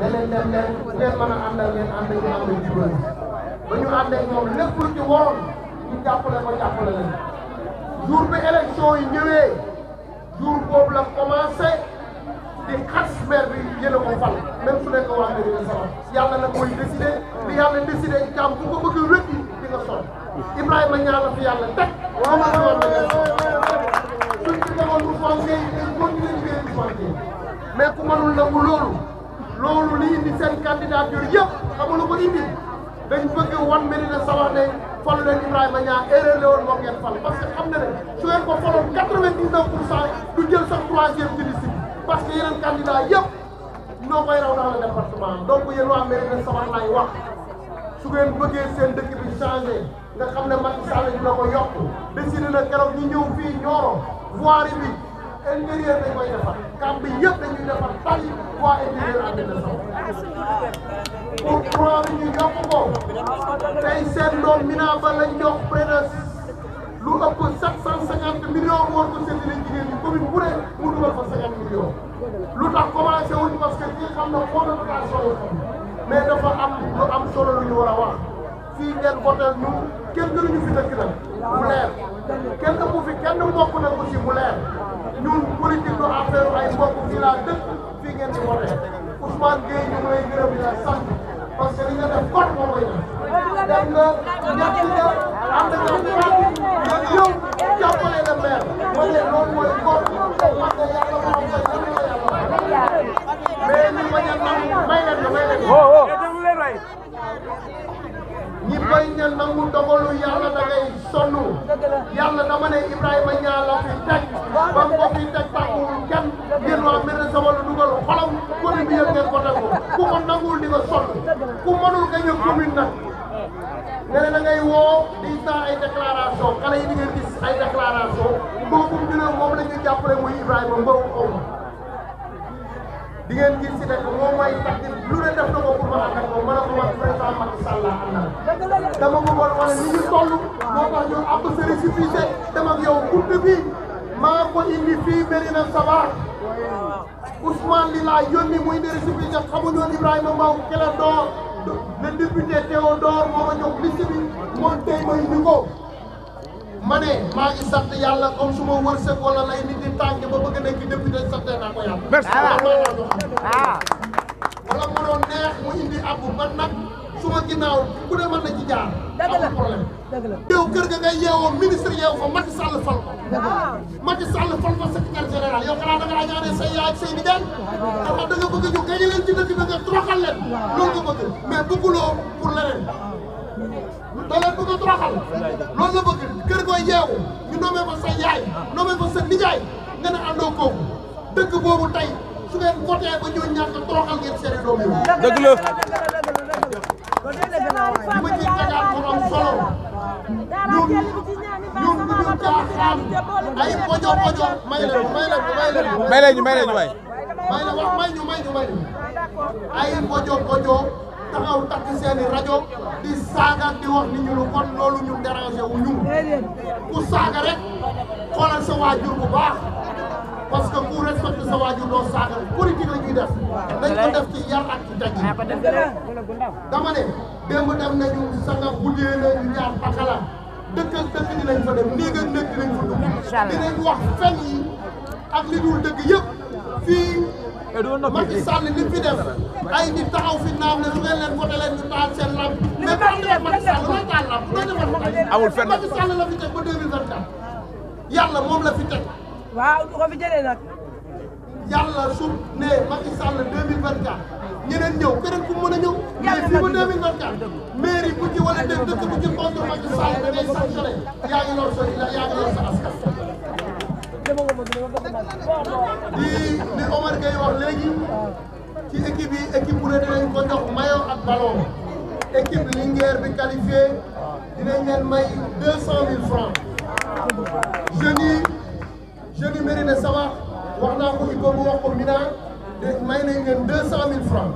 ne leen dem leen a àndal ngeen ànd ñu ànd ak jubal ba ñu ànd ñu jàppale ko jàppale leen jour bi élection yi ñëwee jour boobu la commencé di xas maire bi yéen ko fal même su nekk waa Médina Sabakh yàlla nag mooy décidé li yàlla décidé jàmm bu ko bëgg wécc di nga sol Ibrahima ñaar la fi yàlla teg waaw ma ñaar la suñ ci demoon bu fonkee dañ continuer di fonkee mais ku mënul nangu loolu loolu li indi seen candidature yëpp xamulu ko indi dañ bëgg wan Médina Sabakh ne falu leen Ibrahima a erreur la woon moom ngeen fal parce que xam na ne su ko faloon du jël sax troisième ci liste parce que yeneen candidat yëpp noo koy raw dans le département donc yéen waa Médina Sabakh laay wax su bëggee seen dëkk bi changé nga xam ne Macky Sall dina ko yokk décidé na keroog ñu ñëw fii Nioro voirie bi intérieur dañ koy defar kam bi yëpp pour courant bi ñu yokk ko tey seen doom Mina Ba lañ jox près de lu ëpp 750 millions war jigéen ñi commune bu ne mu dugal fa 50 millions lu tax commencé wuñ parce que ñi xam na connotation yi mais am lu am solo ñu war a wax fii ngeen votel ñu kenn gënuñu fi dëkk nag mu leer kenn ëpp fi kenn mbokk nag aussi mu leer ñun politique du affaire ay mbokk fii laa dëkk Yalla dama ne Ibrahima ñaala fi tek jàppale muy Ibrahima Mbow Oum di ngeen gis si nekk moom mooy tax lu ne def na ko pour ma ànd ak moom mën a ko wax président Macky Sall am na dama bëggoon wane ni ñu toll moo tax ñu ab sa récépissé dama ak yow guddi bi maa ko indi fii Medina Sabakh Ousmane li laa yónni muy de récépissé xamuñu woon Ibrahima Mbow Kelle Dóor le député Théodore moo ma jox liste bi moom tey ma indi ko. ma ne maa ngi sant yàlla comme su ma wërsëg wala lay nit di tànk ba bëgg nekk député sante naa ko yàlla. merci wala ah. Ah. mu neex mu indi ab ba nag su ginnaaw ku ne mën na ci jaar. dëgg la problème yow kër xanaa da ngaa ñaanee say yaay say nijaay. waaw xam da nga bëgg ñu gañe leen ci dëkk bi troxal leen. loolu nga bëgg mais bëgguloo pour leneen. da leen bëgg a troxal loolu nga bëgg. ñu nommé ko sa yaay nommé ko sa nga ne àndoo kooku dëkk tey su ngeen voté ba ñoo ñàkk toroxal ngeen seen doom yooyu. dëgg may ñu may ñu may may ñu may ñu may ay pojo pojo. taxaw takk seeni rajo di saaga di wax nit ñi lu bon loolu ñu dérangé wu ku saaga rek xoolal sa waajur bu baax parce que ku respecté sa waajur doo saaga politique la ñuy def dañ ko def ci yar ak ci daj dama ne démb dem nañu sanga buddee na ñu ñaar pakala dëkk ak dëkk dinañ fa dem nii nga dinañ fa dugg dinañ wax fen yi ak li dul dëgg yëpp fii Eh, Macky Sall fi def ay nit taxaw fi naam ne su ngeen leen voté leen ñu taal seen lamp mais bu dee Macky la fi teg ba 2024 yàlla moom la fi teg yàlla su ne Macky Sall 2024 ñeneen ñëw keneen ku mën a ñëw mais fii ba 2024 mairie bu ci wala def dëkk bu ci contre Macky Sall da ngay sanctionné yaa ngi lor yaa ngi lor sa askan di Omar Gueye wax léegi ci équipe yi équipe de ne dinañ ko jox maillot ak ballon équipe Linguère bi qualifié dinañ leen may deux cent mille francs jeunes yi de yi wax naa ko wax ko Mina de may nañ leen deux cent francs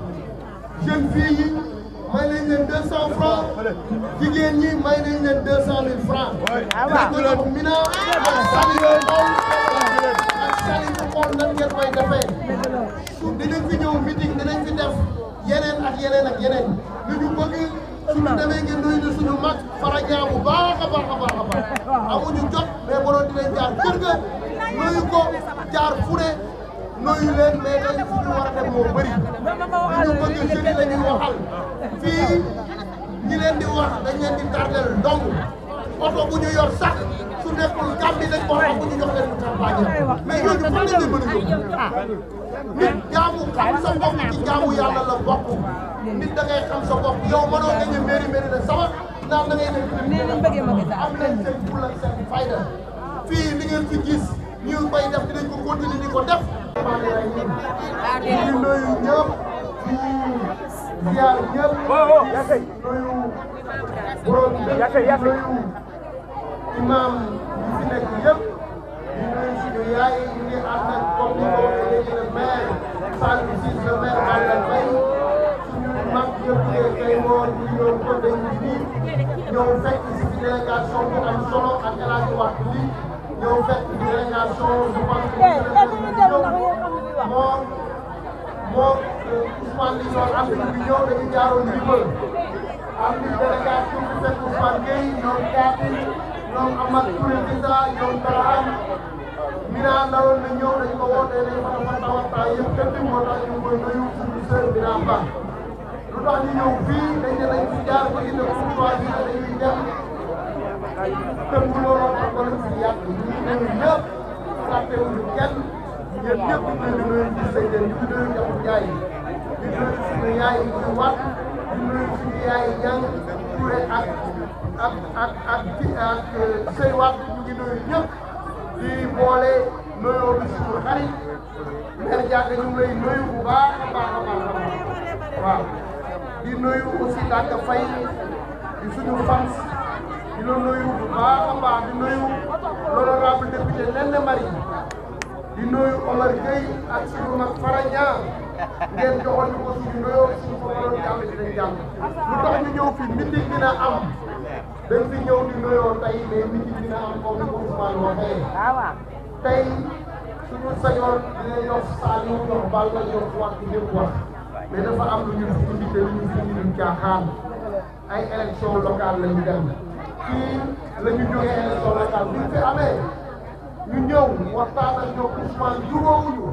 may nañ leen deux cent francs jigéen ñi may nañ leen deux cent mille francs dagaloon mina ak sali yoo xool ak sali bu xool nan ngeen may defee dinañ fi ñëw meeting dinañ fi def yeneen ak yeneen ak yeneen lu ñu bëgg suñu demee ngeen nuyu na suñu mag fara ñaabu baax a baax a baax a baax amuñu jot mais jaar kër ga nuyu ko jaar fu nuyu len mais dañ ci ñu war dem mo bari ñu bëgg ci li lañu waxal fi ñi len di wax dañ len di tardel dong auto bu ñu yor sax su nekkul gambi lañ ko wax bu ñu jox len campagne mais ñu ñu fañu di mëna ñu nit jaamu xam sa bokk ci jaamu yalla la bokk nit da ngay xam sa bokk yow mëno nga ñu mëri mëri la sama naam da ngay def ñu bëgg ma gëta am na seen pour la seen fayda fi li ngeen fi gis ñu ngi koy def dinañ ko continuer di ko def. di nuyu ñëpp di ziar ñëpp oh, oh, di nuyu borom dëkk di nuyu imam yi fi nekk yëpp di nuyu suñu yaay yi ñu ngi ànd ak comme ni ko waxee léegi le maire Saliou Ciss le maire àndal bay suñu mag yëpp yëpp tey woon ñu ñëw ko dañu nii ñëw fekk si délégation bi am solo ak El Hadj Wade lii ñëw fekk délégation je pense que. Eh, eh, moom moom euh, Ousmane li ñu doon am nañu ñëw dañu jaaroon ndimbal am nañu délégation bu fekk Ousmane Gueye ñoom Kaati ñoom Amath Touré Disa ñoom Kalaam Mina naroon na ñëw dañu ko woote dañu ko mën a waxtaan yëpp képp moo tax ñu koy nuyu suñu sër Mina Ba lu tax ñu ñëw fii dañu ne dañu fi jaar ba indi ko pour choisir dañuy dem. te bu looloo tax ba lu fi yàgg ñun ñëpp fàttewuñu kenn ñëpp ñu ngi nuyu di say den ñu nuyu njaboot yaay yi di yaay yi ñu wat di nuyu suñu yaay yi yang Touré ak ak ak ak ak say wat ñu ngi ñëpp di boole nuyoo bi suñu xarit mère Diagne ñu lay nuyu bu baax a baax a baax waaw di nuyu aussi Daka di suñu fans di la nuyu bu baax a baax di nuyu l'honorable député Néné di nuyu Omar Gueye ak suñu mag Fara Niang ngeen joxoon ñu ko suñu nuyoo suñu ko waroon jàmm dinañ jàmm lu tax ñu fi meeting dina am dañ fi ñëw di nuyoo tey mais meeting dina am comme ni ko waxee tey suñu sañoon dina yof saa ñu jox bal la jox wax di lépp wax mais dafa am lu ñu fi indi te lu ñu fi indi caaxaan ay élection locale la ñu dem fii la ñu jógee élection locale bi ñu fi amee ñu ñëw waxtaan ak ñoom Ousmane jubóowuñu